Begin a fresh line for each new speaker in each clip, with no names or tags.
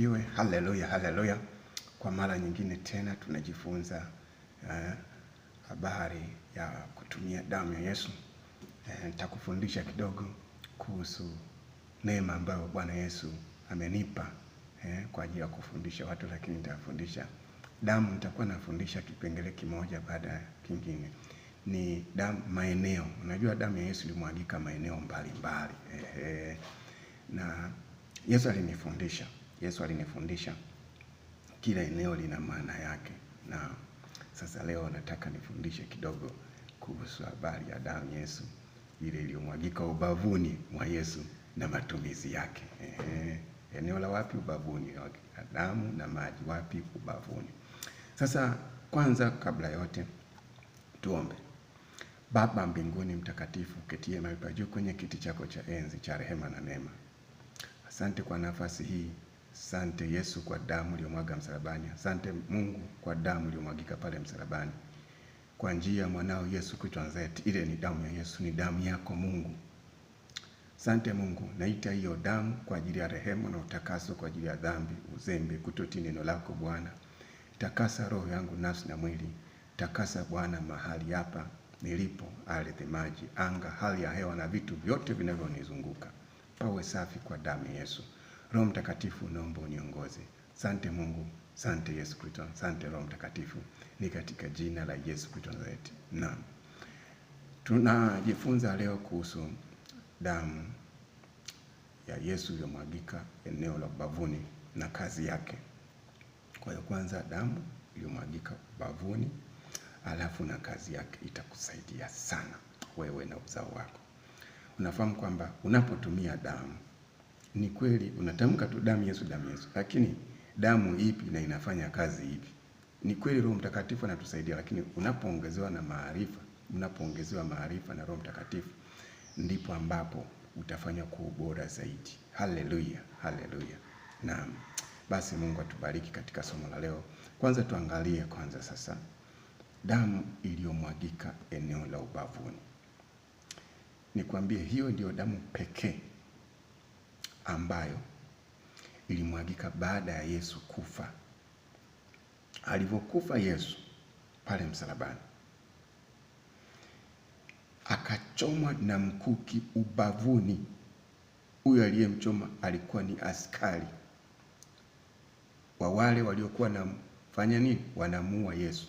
asifiwe. Haleluya, haleluya. Kwa mara nyingine tena tunajifunza eh, habari ya kutumia damu ya Yesu. Eh, nitakufundisha eh, kidogo kuhusu neema ambayo Bwana Yesu amenipa eh, kwa ajili ya kufundisha watu, lakini nitafundisha damu. Nitakuwa nafundisha kipengele kimoja baada ya kingine ni damu maeneo. Unajua, damu ya Yesu ilimwagika maeneo mbalimbali mbali. Eh, eh, na Yesu alinifundisha Yesu alinifundisha kila eneo lina maana yake, na sasa leo nataka nifundishe kidogo kuhusu habari ya damu Yesu ile iliyomwagika ubavuni mwa Yesu na matumizi yake. Ehe, eneo la wapi? Ubavuni. Damu na maji wapi? Ubavuni. Sasa kwanza, kabla yote, tuombe. Baba mbinguni mtakatifu, ketie mahali pa juu kwenye kiti chako cha enzi cha rehema na neema, asante kwa nafasi hii Sante Yesu kwa damu uliyomwaga msalabani. Asante Mungu kwa damu iliyomwagika pale msalabani kwa njia ya mwanao Yesu Kristo Nazareti. Ile ni damu ya Yesu, ni damu yako Mungu. Sante Mungu, naita hiyo damu kwa ajili ya rehema na utakaso kwa ajili ya dhambi, uzembe, kutotii neno lako Bwana. Takasa roho yangu, nafsi na mwili. Takasa Bwana mahali hapa nilipo, ardhi, maji, anga, hali ya hewa na vitu vyote vinavyonizunguka, pawe safi kwa damu ya Yesu. Roho Mtakatifu, naomba uniongoze. Sante Mungu, sante Yesu Kristo, sante Roho Mtakatifu, ni katika jina la Yesu Kristo Nazareti. Naam, tunajifunza leo kuhusu damu ya Yesu iliyomwagika eneo la ubavuni na kazi yake. Kwa hiyo kwanza, damu iliyomwagika ubavuni, alafu na kazi yake itakusaidia sana wewe na uzao wako. Unafahamu kwamba unapotumia damu ni kweli unatamka tu damu Yesu, damu Yesu, lakini damu ipi na inafanya kazi ipi? Ni kweli Roho Mtakatifu anatusaidia, lakini unapoongezewa na maarifa, unapoongezewa maarifa na Roho Mtakatifu, ndipo ambapo utafanya kwa ubora zaidi. Haleluya, haleluya. Naam, basi Mungu atubariki katika somo la leo. Kwanza tuangalie kwanza sasa damu iliyomwagika eneo la ubavuni. Nikwambie, hiyo ndiyo damu pekee ambayo ilimwagika baada ya Yesu kufa. Alivyokufa Yesu pale msalabani, akachomwa na mkuki ubavuni. Huyo aliyemchoma alikuwa ni askari wa wale waliokuwa wanamfanya nini, wanamuua Yesu.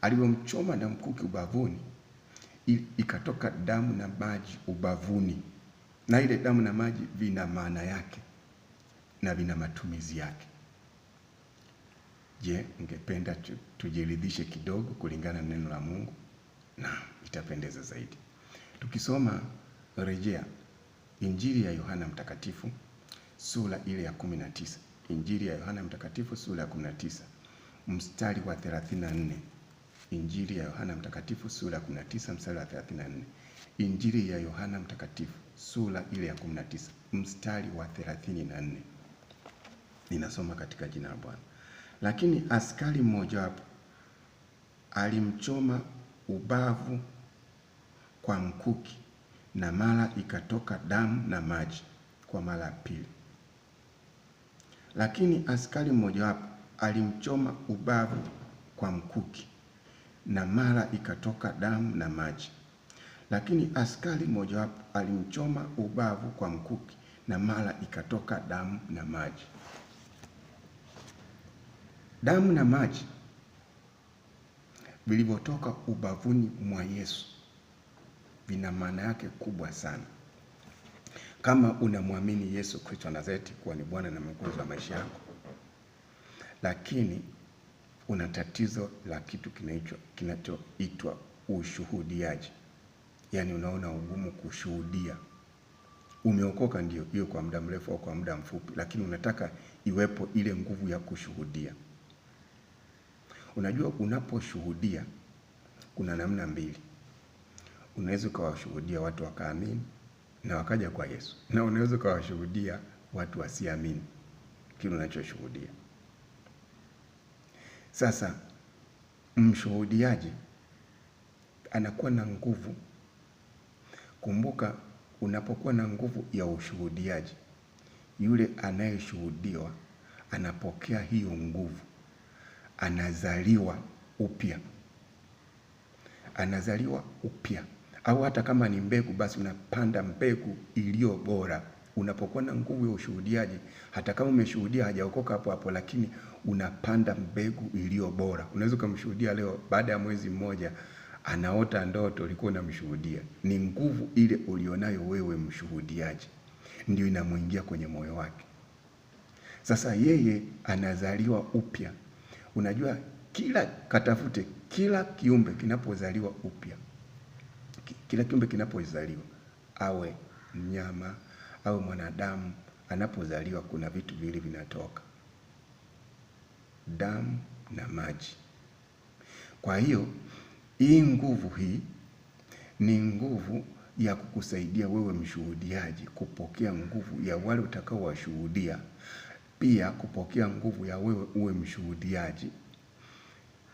Alivyomchoma na mkuki ubavuni, ikatoka damu na maji ubavuni na ile damu na maji vina maana yake na vina matumizi yake. Je, ungependa tujiridhishe kidogo kulingana na neno la Mungu? Na itapendeza zaidi tukisoma rejea Injili ya Yohana Mtakatifu sura ile ya kumi na tisa. Injili ya Yohana Mtakatifu sura ya kumi na tisa mstari wa 34. Injili ya Yohana Mtakatifu sura ya 19 mstari wa 34. Injili ya Yohana Mtakatifu sura ile ya 19 mstari wa 34. Ninasoma katika jina la Bwana. Lakini askari mmoja mmojawapo alimchoma ubavu kwa mkuki na mara ikatoka damu na maji kwa mara ya pili. Lakini askari mmoja mmojawapo alimchoma ubavu kwa mkuki na mara ikatoka damu na maji lakini askari mmojawapo alimchoma ubavu kwa mkuki na mara ikatoka damu na maji. Damu na maji vilivyotoka ubavuni mwa Yesu vina maana yake kubwa sana. Kama unamwamini Yesu Kristo Nazareti kuwa ni Bwana na Mwokozi wa maisha yako, lakini una tatizo la kitu kinachoitwa ushuhudiaji yani unaona ugumu kushuhudia. Umeokoka ndio hiyo, kwa muda mrefu au kwa muda mfupi, lakini unataka iwepo ile nguvu ya kushuhudia. Unajua, unaposhuhudia kuna namna mbili, unaweza ukawashuhudia watu wakaamini na wakaja kwa Yesu, na unaweza ukawashuhudia watu wasiamini kile unachoshuhudia. Sasa mshuhudiaji anakuwa na nguvu Kumbuka, unapokuwa na nguvu ya ushuhudiaji, yule anayeshuhudiwa anapokea hiyo nguvu, anazaliwa upya, anazaliwa upya. Au hata kama ni mbegu, basi unapanda mbegu iliyo bora. Unapokuwa na nguvu ya ushuhudiaji, hata kama umeshuhudia hajaokoka hapo hapo, lakini unapanda mbegu iliyo bora. Unaweza ukamshuhudia leo, baada ya mwezi mmoja anaota ndoto ulikuwa unamshuhudia. Ni nguvu ile ulionayo wewe mshuhudiaji, ndio inamwingia kwenye moyo wake. Sasa yeye anazaliwa upya. Unajua, kila katafute, kila kiumbe kinapozaliwa upya, kila kiumbe kinapozaliwa, awe mnyama awe mwanadamu, anapozaliwa kuna vitu viwili vinatoka, damu na maji. Kwa hiyo hii nguvu hii ni nguvu ya kukusaidia wewe mshuhudiaji kupokea nguvu ya wale utakaowashuhudia, pia kupokea nguvu ya wewe uwe mshuhudiaji,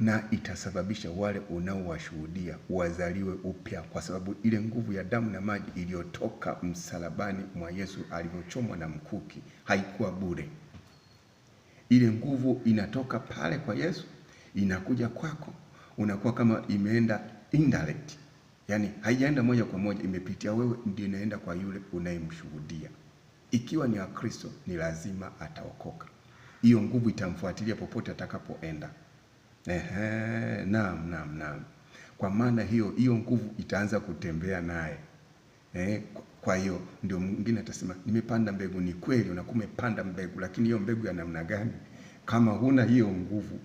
na itasababisha wale unaowashuhudia wazaliwe upya, kwa sababu ile nguvu ya damu na maji iliyotoka msalabani mwa Yesu alivyochomwa na mkuki haikuwa bure. Ile nguvu inatoka pale kwa Yesu inakuja kwako unakuwa kama imeenda indirect, yani haijaenda moja kwa moja, imepitia wewe, ndio inaenda kwa yule unayemshuhudia. Ikiwa ni Wakristo, ni lazima ataokoka. Hiyo nguvu itamfuatilia popote atakapoenda. Ehe, naam, naam, naam. Kwa maana hiyo, hiyo nguvu itaanza kutembea naye. Eh, kwa hiyo ndio mwingine atasema nimepanda mbegu. Ni kweli unakuwa umepanda mbegu, lakini hiyo mbegu ya namna gani kama huna hiyo nguvu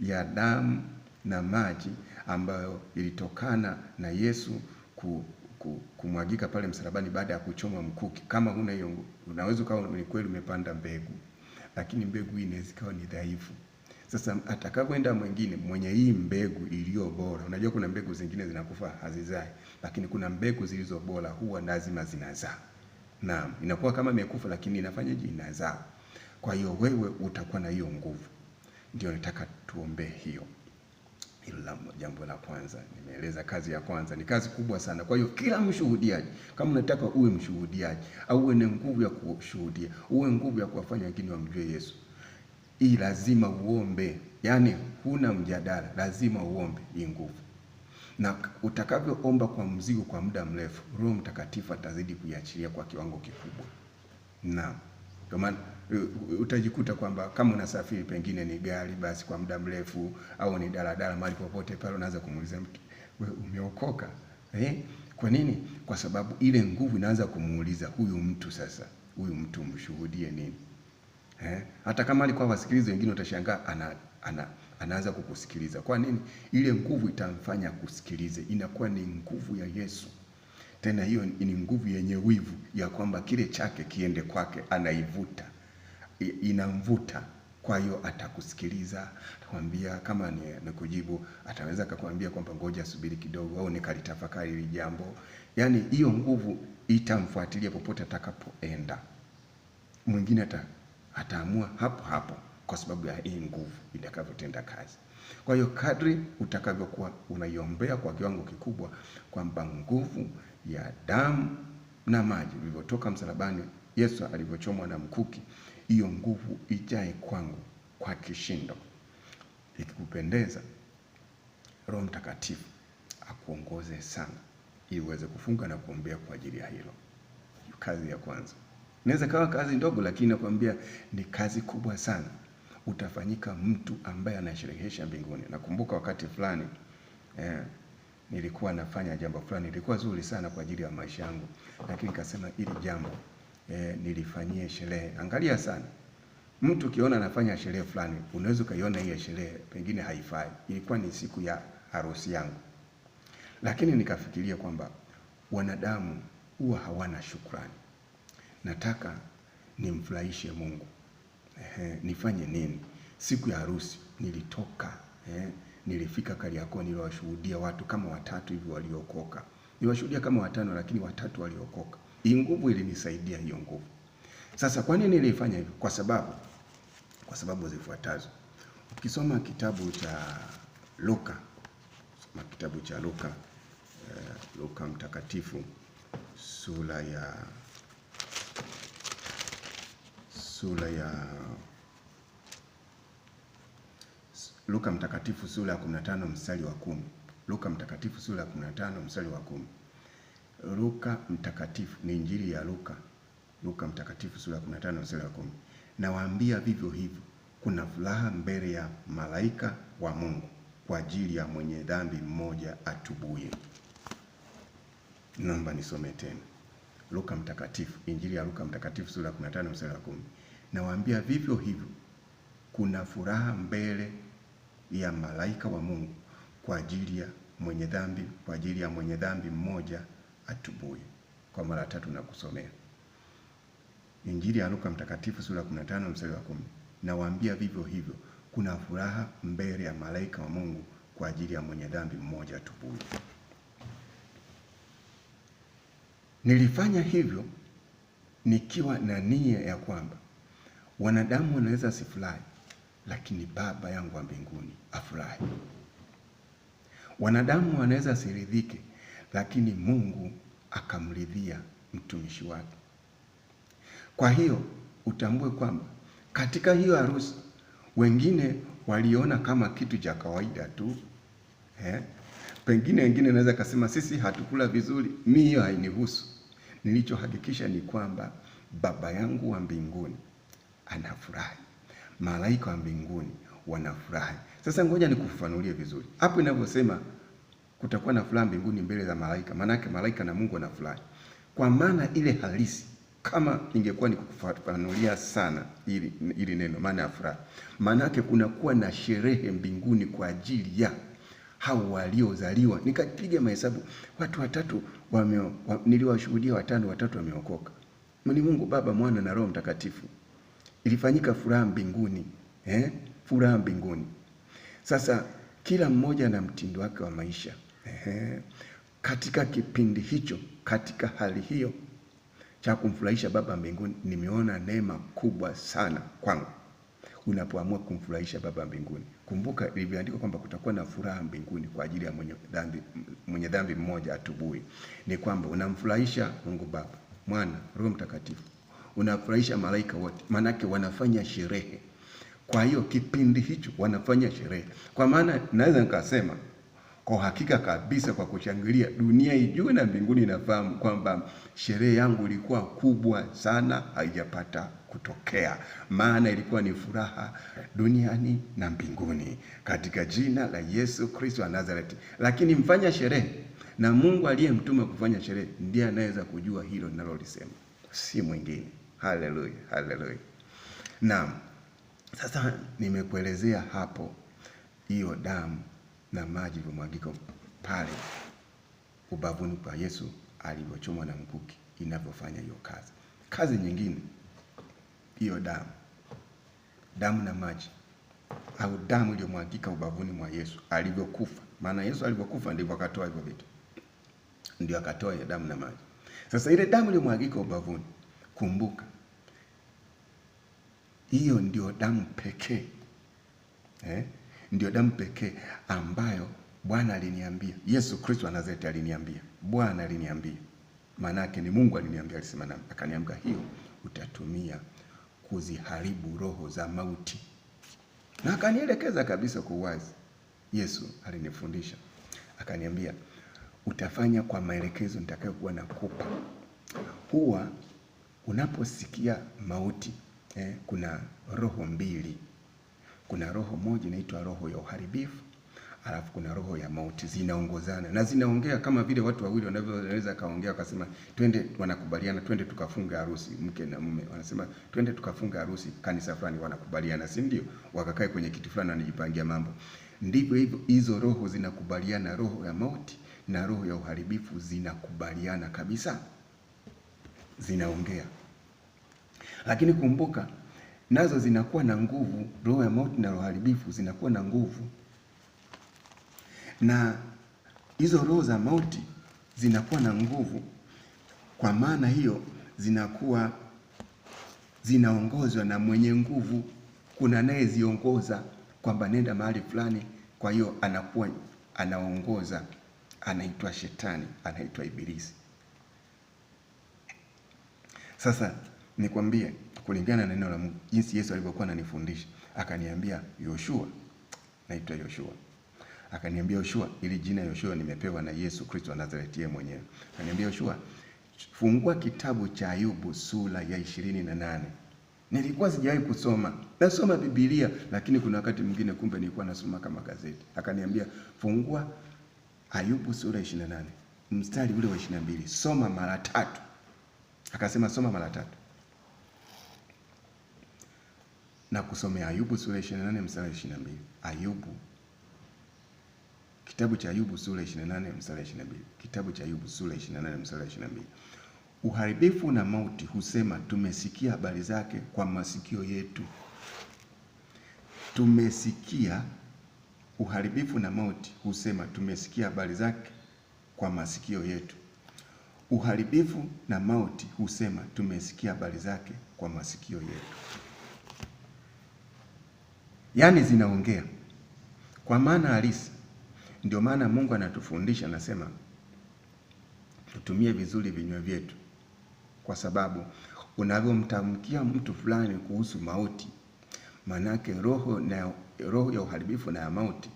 ya damu na maji ambayo ilitokana na Yesu ku, ku, kumwagika pale msalabani baada ya kuchomwa mkuki. Kama huna hiyo, unaweza ukawa ni kweli umepanda mbegu, lakini mbegu hii inaweza ikawa ni dhaifu. Sasa atakapoenda mwingine mwenye hii mbegu iliyo bora, unajua kuna mbegu zingine zinakufa hazizai, lakini kuna mbegu zilizo bora huwa lazima zinazaa. Naam, inakuwa kama imekufa lakini je, Inazaa. Kwa hiyo wewe utakuwa na hiyo nguvu. Ndio nataka tuombee hiyo. Hilo jambo la kwanza nimeeleza. Kazi ya kwanza ni kazi kubwa sana. Kwa hiyo kila mshuhudiaji, kama unataka uwe mshuhudiaji au uwe na nguvu ya kushuhudia, uwe nguvu ya kuwafanya wengine wamjue Yesu, hii lazima uombe. Yaani huna mjadala, lazima uombe hii nguvu, na utakavyoomba kwa mzigo, kwa muda mrefu, Roho Mtakatifu atazidi kuiachilia kwa kiwango kikubwa. Naam, ndio maana utajikuta kwamba kama unasafiri pengine ni gari basi kwa muda mrefu au ni daladala, mahali popote pale unaanza kumuuliza mtu, wewe umeokoka eh? Kwa nini? Kwa sababu ile nguvu inaanza kumuuliza huyu mtu sasa, huyu mtu mshuhudie nini eh? Hata kama alikuwa wasikilizi wengine, utashangaa ana, ana anaanza kukusikiliza. Kwa nini? Ile nguvu itamfanya kusikilize, inakuwa ni nguvu ya Yesu. Tena hiyo ni nguvu yenye wivu ya kwamba kile chake kiende kwake, anaivuta inamvuta kwa hiyo atakusikiliza, atakwambia kama ni, ni kujibu, ataweza akakwambia kwamba ngoja subiri kidogo, au nikalitafakari hili jambo. Yaani hiyo nguvu itamfuatilia popote atakapoenda. Mwingine ata, ataamua hapo hapo kwa sababu ya hii nguvu itakavyotenda kazi. Kwa hiyo kadri utakavyokuwa unaiombea kwa kiwango kikubwa kwamba nguvu ya damu na maji vilivyotoka msalabani, Yesu alivyochomwa na mkuki hiyo nguvu ijae kwangu kwa kishindo. Ikikupendeza, Roho Mtakatifu akuongoze sana ili uweze kufunga na kuombea kwa ajili ya hilo. Kazi ya kwanza inaweza kawa kazi ndogo, lakini nakwambia ni kazi kubwa sana. Utafanyika mtu ambaye anasherehesha mbinguni. Nakumbuka wakati fulani eh, nilikuwa nafanya jambo fulani, ilikuwa zuri sana kwa ajili ya maisha yangu, lakini nikasema ili jambo eh, nilifanyie sherehe. Angalia sana, mtu ukiona anafanya sherehe fulani, unaweza ukaiona hiyo sherehe pengine haifai, ilikuwa ni siku ya harusi yangu, lakini nikafikiria kwamba wanadamu huwa hawana shukrani. Nataka nimfurahishe Mungu. Ehe, nifanye nini? Siku ya harusi nilitoka eh, nilifika Kariakoo, niliwashuhudia watu kama watatu hivi waliokoka, niliwashuhudia kama watano, lakini watatu waliokoka. Hii nguvu ilinisaidia hiyo nguvu. Sasa kwa nini nilifanya hivyo? Kwa sababu kwa sababu zifuatazo. Ukisoma kitabu cha Luka, soma kitabu cha Luka eh, Luka mtakatifu sura ya sura ya Luka mtakatifu sura ya 15 mstari wa kumi. Luka mtakatifu sura ya 15 mstari wa kumi. Luka mtakatifu ni injili ya Luka, Luka mtakatifu sura ya 15 sura ya 10. Nawaambia vivyo hivyo, kuna furaha mbele ya malaika wa Mungu kwa ajili ya mwenye dhambi mmoja atubuye. Naomba nisome tena Luka mtakatifu, injili ya Luka mtakatifu sura ya 15 sura ya 10. Nawaambia vivyo hivyo, kuna furaha mbele ya malaika wa Mungu kwa ajili ya mwenye dhambi, kwa ajili ya mwenye dhambi mmoja atubuye. Kwa mara tatu na kusomea Injili ya Luka Mtakatifu sura 15 mstari wa 10. Nawaambia vivyo hivyo, kuna furaha mbele ya malaika wa Mungu kwa ajili ya mwenye dhambi mmoja atubuye. Nilifanya hivyo nikiwa na nia ya kwamba wanadamu wanaweza asifurahi, lakini Baba yangu wa mbinguni afurahi. Wanadamu wanaweza asiridhike, lakini Mungu akamridhia mtumishi wake. Kwa hiyo utambue kwamba katika hiyo harusi wengine waliona kama kitu cha kawaida tu eh? Pengine wengine naweza kasema sisi hatukula vizuri, mi hiyo hainihusu. Nilichohakikisha ni kwamba Baba yangu wa mbinguni anafurahi, malaika wa mbinguni wanafurahi. Sasa ngoja nikufafanulie vizuri hapo inavyosema kutakuwa na furaha mbinguni mbele za malaika. Maana yake malaika na Mungu wanafurahi, kwa maana ile halisi kama ningekuwa nikufafanulia sana ili, ili neno maana ya furaha, maana yake kunakuwa na sherehe mbinguni kwa ajili ya hao waliozaliwa. Nikapiga mahesabu watu watatu wame, wa, niliwashuhudia watano, watatu wameokoka. Ni Mungu Baba, Mwana na Roho Mtakatifu. Ilifanyika furaha mbinguni eh? Furaha mbinguni. Sasa kila mmoja na mtindo wake wa maisha. Ehe. Katika kipindi hicho, katika hali hiyo, cha kumfurahisha Baba mbinguni, nimeona neema kubwa sana kwangu. Unapoamua kumfurahisha Baba mbinguni, kumbuka ilivyoandikwa kwamba kutakuwa na furaha mbinguni kwa ajili ya mwenye dhambi, mwenye dhambi mmoja atubui. Ni kwamba unamfurahisha Mungu Baba, Mwana, Roho Mtakatifu, unafurahisha malaika wote, maanake wanafanya sherehe. Kwa hiyo kipindi hicho wanafanya sherehe, kwa maana naweza nikasema kwa uhakika kabisa kwa kushangilia, dunia ijue na mbinguni inafahamu kwamba sherehe yangu ilikuwa kubwa sana, haijapata kutokea, maana ilikuwa ni furaha duniani na mbinguni, katika jina la Yesu Kristo wa Nazareti. Lakini mfanya sherehe na Mungu aliyemtuma kufanya sherehe ndiye anaweza kujua hilo ninalolisema, si mwingine. Haleluya, haleluya. Naam, sasa nimekuelezea hapo hiyo damu na maji ilivyomwagika pale ubavuni kwa Yesu alivyochomwa na mkuki, inavyofanya hiyo kazi. Kazi nyingine hiyo damu, damu na maji au damu iliyomwagika ubavuni mwa Yesu alivyokufa. Maana Yesu alivyokufa ndivyo akatoa hivyo vitu, ndio akatoa hiyo damu na maji. Sasa ile damu iliyomwagika ubavuni, kumbuka hiyo ndio damu pekee eh? Ndio damu pekee ambayo Bwana aliniambia, Yesu Kristo wa Nazareti aliniambia, Bwana aliniambia, maanake ni Mungu aliniambia, alisema nami, akaniambia hiyo utatumia kuziharibu roho za mauti, na akanielekeza kabisa kwa uwazi. Yesu alinifundisha akaniambia, utafanya kwa maelekezo nitakayokuwa nakupa. Huwa unaposikia mauti eh, kuna roho mbili kuna roho moja inaitwa roho ya uharibifu, alafu kuna roho ya mauti, zinaongozana na zinaongea kama vile watu wawili wanavyoweza kaongea, wakasema twende, wanakubaliana twende tukafunga harusi, mke na mume wanasema twende tukafunga harusi kanisa fulani, wanakubaliana, si ndio? Wakakae kwenye kitu fulani, wanajipangia mambo. Ndivyo hivyo, hizo roho zinakubaliana, roho ya mauti na roho ya uharibifu zinakubaliana kabisa, zinaongea. Lakini kumbuka nazo zinakuwa na nguvu, roho ya mauti na roho haribifu zinakuwa na nguvu, na hizo roho za mauti zinakuwa na nguvu. Kwa maana hiyo zinakuwa zinaongozwa na mwenye nguvu, kuna anayeziongoza kwamba nenda mahali fulani. Kwa hiyo anakuwa anaongoza, anaitwa Shetani, anaitwa Ibilisi. Sasa nikwambie kulingana na neno la Mungu, jinsi Yesu alivyokuwa ananifundisha. Akaniambia Yoshua, naitwa Yoshua. Akaniambia Yoshua, ili jina Yoshua nimepewa na Yesu Kristo wa Nazareti yeye mwenyewe. Akaniambia Yoshua, fungua kitabu cha Ayubu sura ya ishirini na nane. Nilikuwa sijawahi kusoma. Nasoma Biblia lakini kuna wakati mwingine kumbe nilikuwa nasoma kama gazeti. Akaniambia fungua Ayubu sura ya 28 mstari ule wa 22, soma mara tatu. Akasema soma mara tatu. na kusomea Ayubu sura 28 mstari 22. Ayubu, kitabu cha Ayubu sura 28 mstari 22, kitabu cha Ayubu sura 28 mstari 22. Uharibifu na mauti husema tumesikia habari zake kwa masikio yetu. Tumesikia. Uharibifu na mauti husema tumesikia habari zake kwa masikio yetu. Uharibifu na mauti husema tumesikia habari zake kwa masikio yetu yaani zinaongea kwa maana halisi. Ndio maana Mungu anatufundisha anasema, tutumie vizuri vinywa vyetu, kwa sababu unavyomtamkia mtu fulani kuhusu mauti, manake roho na roho ya uharibifu na ya mauti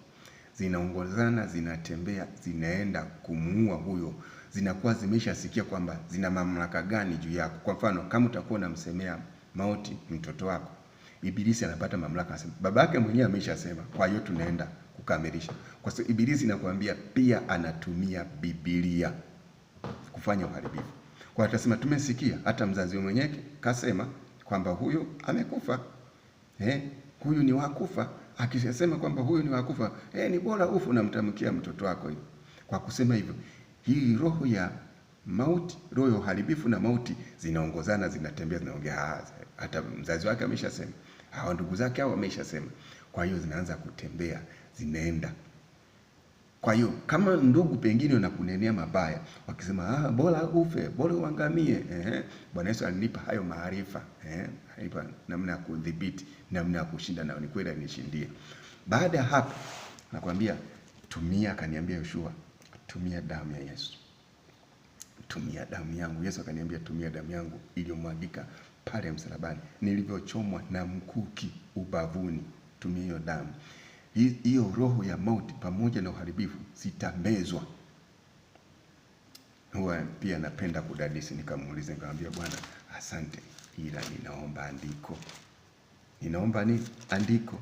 zinaongozana, zinatembea, zinaenda kumuua huyo, zinakuwa zimeshasikia kwamba zina mamlaka gani juu yako. Kwa mfano, kama utakuwa unamsemea mauti mtoto wako Ibilisi anapata mamlaka, anasema baba yake mwenyewe ameshasema, kwa hiyo tunaenda kukamilisha. Kwa sababu Ibilisi inakwambia pia anatumia Biblia kufanya uharibifu. Kwa hiyo atasema tumesikia, hata mzazi mwenyewe kasema kwamba huyu amekufa, eh, huyu ni wakufa. Akisema kwamba huyu ni wakufa, eh, ni bora ufu unamtamkia mtoto wako hivi. Kwa kusema hivyo, hii roho ya mauti, roho ya uharibifu na mauti zinaongozana, zinatembea, zinaongea. Ah, hata mzazi wake ameshasema hawa ndugu zake hao wameshasema. Kwa hiyo zinaanza kutembea zinaenda. Kwa hiyo kama ndugu pengine unakunenea mabaya wakisema, ah, bora ufe bora uangamie. Eh, Bwana Yesu alinipa hayo maarifa eh, alinipa namna ya kudhibiti, namna ya kushinda nao. Ni kweli alinishindia. Baada ya hapo, nakwambia tumia, akaniambia Yoshua, tumia damu ya Yesu tumia damu yangu. Yesu akaniambia tumia damu yangu iliyomwagika pale msalabani, nilivyochomwa na mkuki ubavuni, tumia hiyo damu hiyo, roho ya mauti pamoja na uharibifu zitamezwa. Huwa pia napenda kudadisi, nikamuuliza nikamwambia, Bwana asante, ila ninaomba andiko, ninaomba ni Andiko.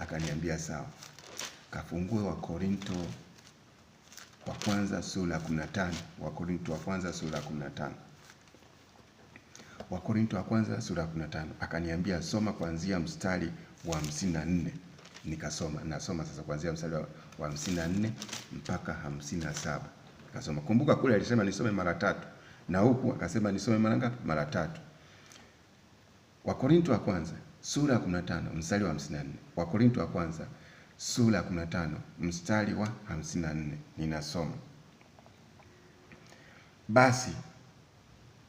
Akaniambia sawa, kafungue wa Korinto wa kwanza sura ya 15, wa Korinto wa kwanza sura ya 15 wa Korinto wa kwanza sura ya 15, akaniambia soma kuanzia mstari wa 54. Nikasoma, nasoma sasa kuanzia mstari wa 54 mpaka 57. Nikasoma. Kumbuka kule alisema nisome mara tatu na huku akasema nisome mara ngapi? Mara tatu. wa Korinto wa kwanza sura ya 15 mstari wa 54. wa Korinto wa kwanza sura ya 15 mstari wa 54, ninasoma: basi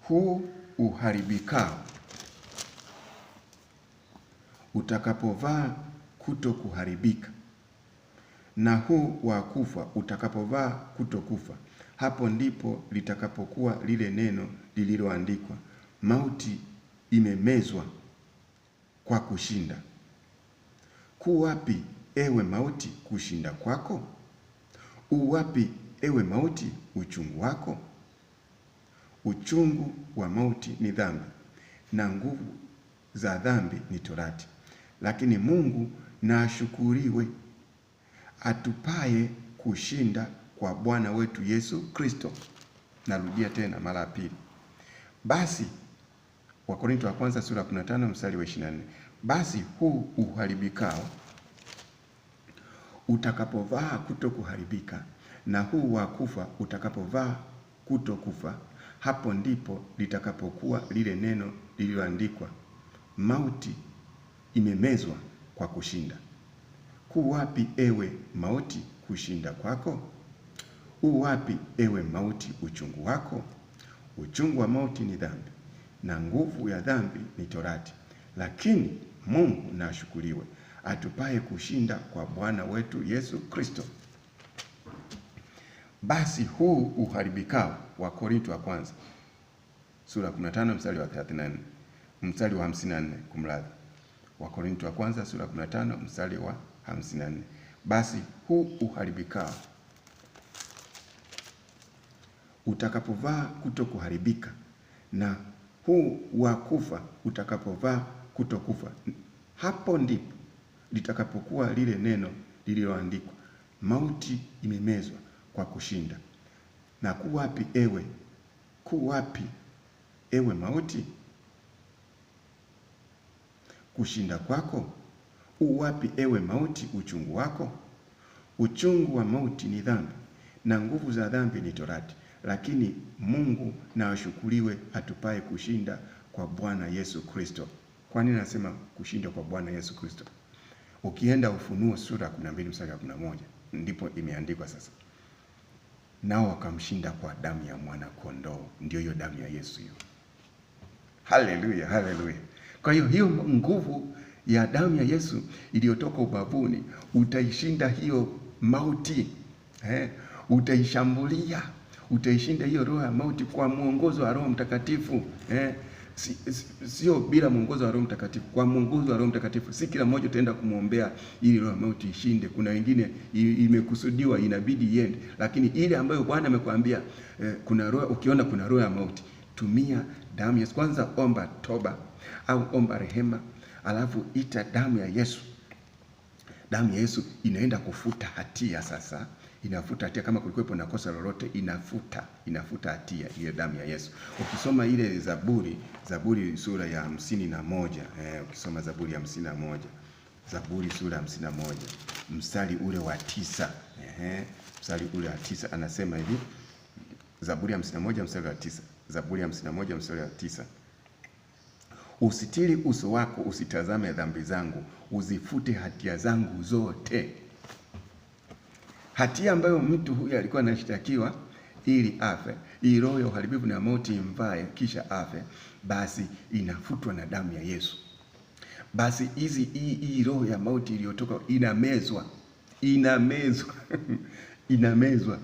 huu uharibikao, utakapovaa kuto kuharibika, na huu wa kufa utakapovaa kuto kufa, hapo ndipo litakapokuwa lile neno lililoandikwa, mauti imemezwa kwa kushinda. wapi ewe mauti kushinda kwako? Uwapi ewe mauti uchungu wako? uchungu wa mauti ni dhambi na nguvu za dhambi ni torati, lakini Mungu na ashukuriwe atupaye kushinda kwa Bwana wetu Yesu Kristo. Narudia tena mara ya pili, basi Wakorinto wa kwanza sura ya 15 mstari wa 24, basi huu uharibikao utakapovaa kuto kuharibika na huu wa kufa utakapovaa kuto kufa hapo ndipo litakapokuwa lile neno lililoandikwa, mauti imemezwa kwa kushinda. Ku wapi ewe mauti kushinda kwako? U wapi ewe mauti uchungu wako? Uchungu wa mauti ni dhambi, na nguvu ya dhambi ni Torati. Lakini Mungu naashukuliwe atupaye kushinda kwa Bwana wetu Yesu Kristo basi huu uharibikao wa Korinto wa kwanza sura 15 mstari wa 34 mstari wa 54, kumradhi, wa Korinto wa kwanza sura 15 mstari wa 54, basi huu uharibikao utakapovaa kutokuharibika na huu wa kufa utakapovaa kutokufa, hapo ndipo litakapokuwa lile neno lililoandikwa, mauti imemezwa kwa kushinda. Na ku wapi ewe? Ku wapi ewe mauti? Kushinda kwako? U wapi ewe mauti uchungu wako? Uchungu wa mauti ni dhambi na nguvu za dhambi ni torati, lakini Mungu na ashukuriwe atupaye kushinda kwa Bwana Yesu Kristo. Kwa nini nasema kushinda kwa Bwana Yesu Kristo? Ukienda Ufunuo sura 12 mstari wa 11 ndipo imeandikwa sasa nao wakamshinda kwa damu ya mwana kondoo. Ndio hiyo damu ya Yesu hiyo. Haleluya, haleluya! Kwa hiyo hiyo nguvu ya damu ya Yesu iliyotoka ubavuni utaishinda hiyo mauti eh, utaishambulia, utaishinda hiyo roho ya mauti kwa mwongozo wa Roho Mtakatifu eh sio si, bila mwongozo wa Roho Mtakatifu. Kwa mwongozo wa Roho Mtakatifu, si kila mmoja utaenda kumwombea ili roho mauti ishinde. Kuna wengine imekusudiwa inabidi iende, lakini ile ambayo Bwana amekwambia eh, kuna roho, ukiona kuna roho ya mauti, tumia damu Yesu. Kwanza omba toba au omba rehema, alafu ita damu ya Yesu. Damu ya Yesu inaenda kufuta hatia sasa inafuta hatia kama kulikuwepo na kosa lolote, inafuta inafuta hatia ile damu ya Yesu. Ukisoma ile Zaburi, Zaburi sura ya hamsini na moja eh, ukisoma Zaburi ya hamsini na moja Zaburi sura ya hamsini na moja mstari ule wa tisa eh, mstari ule wa tisa anasema hivi, Zaburi ya hamsini na moja mstari wa tisa Zaburi ya hamsini na moja mstari wa tisa usitiri uso wako, usitazame dhambi zangu, uzifute hatia zangu zote hatia ambayo mtu huyu alikuwa anashtakiwa ili afe, hii roho ya uharibifu na mauti imvae kisha afe, basi inafutwa na damu ya Yesu. Basi hizi hii roho ya mauti iliyotoka inamezwa, inamezwa, inamezwa,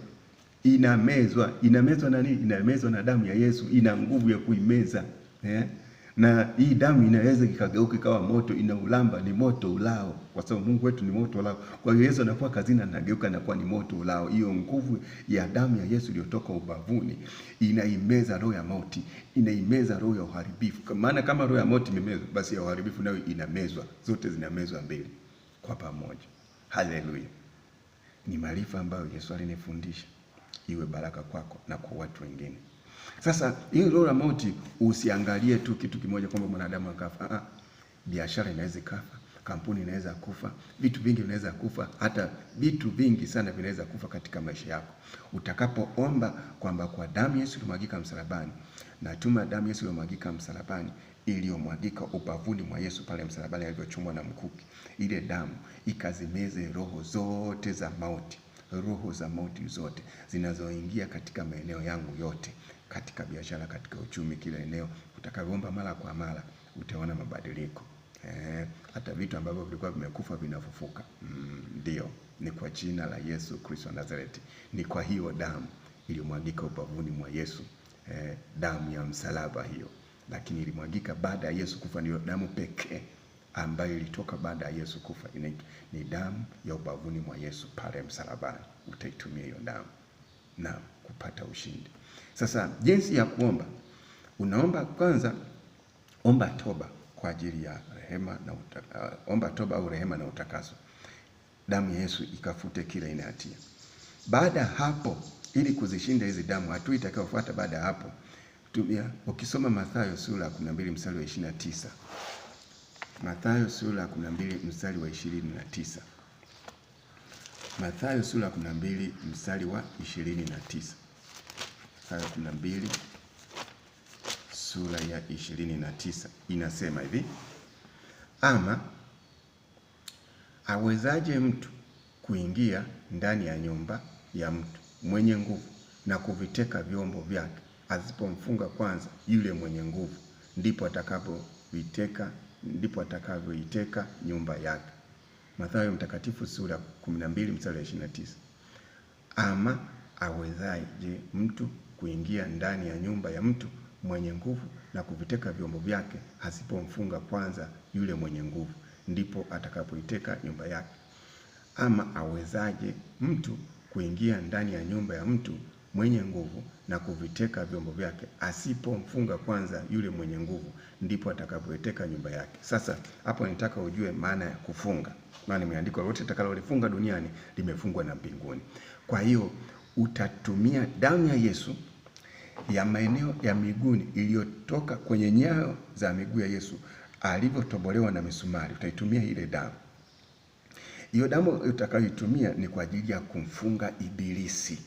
inamezwa, inamezwa na nini? Inamezwa na damu ya Yesu, ina nguvu ya kuimeza eh? na hii damu inaweza ikageuka ikawa moto, ina ulamba, ni moto ulao, kwa sababu Mungu wetu ni moto ulao. Kwa hiyo Yesu anakuwa kazini, anageuka anakuwa ni moto ulao. Hiyo nguvu ya damu ya Yesu iliyotoka ubavuni inaimeza roho ya mauti, inaimeza roho ya uharibifu, maana kama roho ya mauti imemezwa, basi ya uharibifu nayo inamezwa, zote zinamezwa mbili kwa pamoja. Haleluya! Ni maarifa ambayo Yesu alinifundisha, iwe baraka kwako na kwa watu wengine. Sasa hii la mauti usiangalie tu kitu kimoja kwamba mwanadamu akafa. Ah, ah biashara inaweza kufa, kampuni inaweza kufa, vitu vingi vinaweza kufa, hata vitu vingi sana vinaweza kufa katika maisha yako. Utakapoomba kwamba kwa damu Yesu iliyomwagika msalabani, natuma damu Yesu iliyomwagika msalabani iliyomwagika upavuni mwa Yesu pale msalabani alivyochomwa na mkuki, ile damu ikazimeze roho zote za mauti, roho za mauti zote zinazoingia katika maeneo yangu yote katika biashara, katika uchumi, kila eneo utakavyoomba mara kwa mara utaona mabadiliko. Eh, hata vitu ambavyo vilikuwa vimekufa vinafufuka. Mm, ndio, mm, ni kwa jina la Yesu Kristo wa Nazareti, ni kwa hiyo damu iliyomwagika ubavuni mwa Yesu eh, damu ya msalaba hiyo, lakini ilimwagika baada ya Yesu kufa. Ndio damu pekee ambayo ilitoka baada ya Yesu kufa, ni, ni damu ya ubavuni mwa Yesu pale msalabani. Utaitumia hiyo damu na kupata ushindi. Sasa jinsi ya kuomba, unaomba kwanza, omba toba kwa ajili ya rehema na utakaso. Uh, omba toba au rehema na utakaso, damu ya Yesu ikafute kila ina hatia. Baada hapo, ili kuzishinda hizi damu, hatua itakayofuata baada ya hapo tumia, ukisoma Mathayo sura ya 12 mstari wa 29, Mathayo sura ya 12 mstari wa 29, Mathayo sura ya 12 mstari wa 29. Mathayo 12 sura ya 29 inasema hivi, ama awezaje mtu kuingia ndani ya nyumba ya mtu mwenye nguvu na kuviteka vyombo vyake, asipomfunga kwanza yule mwenye nguvu, ndipo atakapoviteka ndipo atakavyoiteka nyumba yake. Mathayo Mtakatifu sura 12 mstari wa 29. Ama awezaje mtu kuingia ndani ya nyumba ya mtu mwenye nguvu na kuviteka vyombo vyake, asipomfunga kwanza yule mwenye nguvu, ndipo atakapoiteka nyumba yake. Ama awezaje mtu kuingia ndani ya nyumba ya mtu mwenye nguvu na kuviteka vyombo vyake, asipomfunga kwanza yule mwenye nguvu, ndipo atakapoiteka nyumba yake. Sasa hapo nitaka ujue maana ya kufunga, maana imeandikwa lote itakalolifunga duniani limefungwa na mbinguni. Kwa hiyo utatumia damu ya Yesu ya maeneo ya miguuni iliyotoka kwenye nyayo za miguu ya Yesu alivyotobolewa na misumari. Utaitumia ile damu. Hiyo damu utakayoitumia ni kwa ajili ya kumfunga Ibilisi.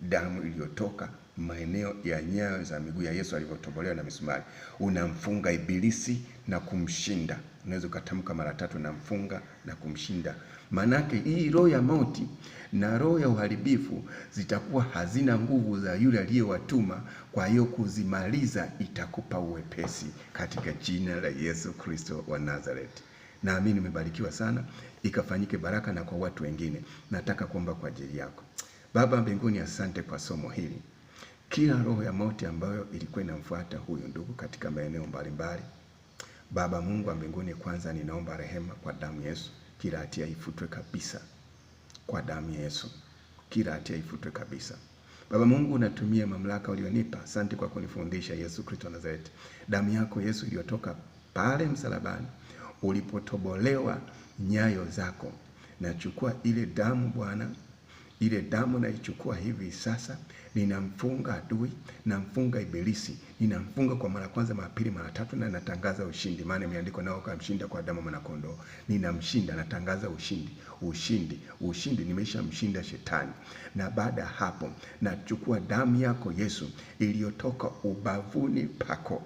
Damu iliyotoka maeneo ya nyayo za miguu ya Yesu alivyotobolewa na misumari, unamfunga Ibilisi na kumshinda unaweza ukatamka mara tatu, namfunga na kumshinda. Maanake hii roho ya mauti na roho ya uharibifu zitakuwa hazina nguvu za yule aliyewatuma, kwa hiyo kuzimaliza itakupa uwepesi katika jina la Yesu Kristo wa Nazareti. Naamini umebarikiwa sana, ikafanyike baraka na kwa watu wengine. Nataka kuomba kwa ajili yako. Baba mbinguni, asante kwa somo hili. Kila roho ya mauti ambayo ilikuwa inamfuata huyu ndugu katika maeneo mbalimbali Baba Mungu wa mbinguni, kwanza ninaomba rehema kwa damu Yesu, kila hatia ifutwe kabisa kwa damu ya Yesu, kila hatia ifutwe kabisa. Baba Mungu, unatumia mamlaka ulionipa. Asante kwa kunifundisha Yesu Kristo Nazareti, damu yako Yesu iliyotoka pale msalabani ulipotobolewa nyayo zako. Nachukua ile damu Bwana, ile damu naichukua hivi sasa ninamfunga adui, namfunga Ibilisi, ninamfunga kwa mara kwanza, mara pili, mara tatu, na natangaza ushindi, maana imeandikwa nao kamshinda kwa damu mwana kondoo. Ninamshinda, natangaza ushindi, ushindi, ushindi. Nimeshamshinda shetani, na baada ya hapo nachukua damu yako Yesu iliyotoka ubavuni pako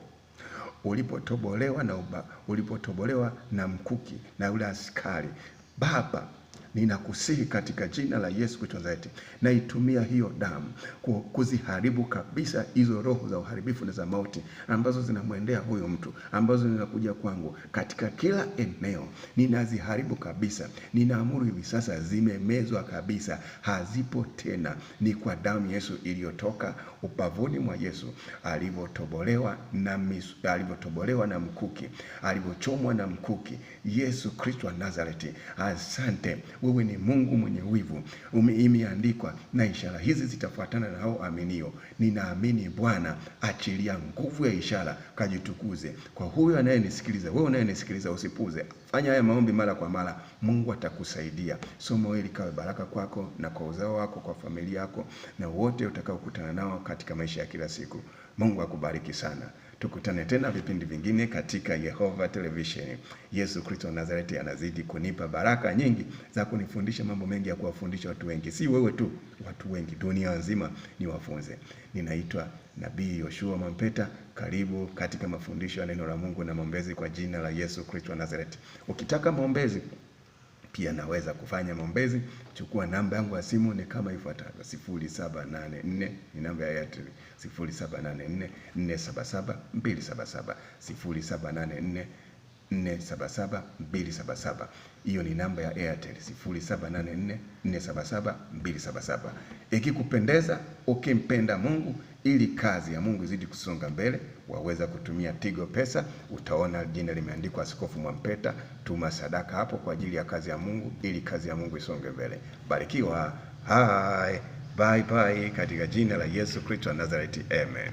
ulipotobolewa na uba, ulipotobolewa na mkuki na yule askari Baba ninakusihi katika jina la Yesu Kristo Nazareti, naitumia hiyo damu kuziharibu kabisa hizo roho za uharibifu na za mauti ambazo zinamwendea huyu mtu, ambazo zinakuja kwangu katika kila eneo, ninaziharibu kabisa. Ninaamuru hivi sasa zimemezwa kabisa, hazipo tena. Ni kwa damu Yesu iliyotoka upavuni mwa Yesu alivyotobolewa na misu, alivyotobolewa na mkuki, alivyochomwa na mkuki. Yesu Kristo wa Nazareti, asante wewe ni Mungu mwenye wivu. Imeandikwa, na ishara hizi zitafuatana na hao aminio. Ninaamini Bwana, achilia nguvu ya ishara, kajitukuze kwa huyo anayenisikiliza. Wewe unayenisikiliza usipuze, fanya haya maombi mara kwa mara, Mungu atakusaidia. Somo hili kawe baraka kwako na kwa uzao wako, kwa familia yako na wote utakaokutana nao katika maisha ya kila siku. Mungu akubariki sana. Tukutane tena vipindi vingine katika Yehova Televisheni. Yesu Kristo Nazareti anazidi kunipa baraka nyingi za kunifundisha mambo mengi ya kuwafundisha watu wengi, si wewe tu, watu wengi dunia nzima niwafunze. Ninaitwa Nabii Yoshua Mwampeta. Karibu katika mafundisho ya neno la Mungu na maombezi kwa jina la Yesu Kristo Nazareti. Ukitaka maombezi pia naweza kufanya maombezi. Chukua namba yangu ya simu ni kama ifuatavyo: 0784 ni namba ya Airtel 0784 477 277 0784 477 277. Hiyo ni namba ya Airtel 0784 477 Ikikupendeza, ukimpenda Mungu, ili kazi ya Mungu izidi kusonga mbele waweza kutumia Tigo Pesa, utaona jina limeandikwa Askofu Mwampeta. Tuma sadaka hapo kwa ajili ya kazi ya Mungu, ili kazi ya Mungu isonge mbele. Barikiwa. Hai, bye bye, katika jina la Yesu Kristo wa Nazareti, amen.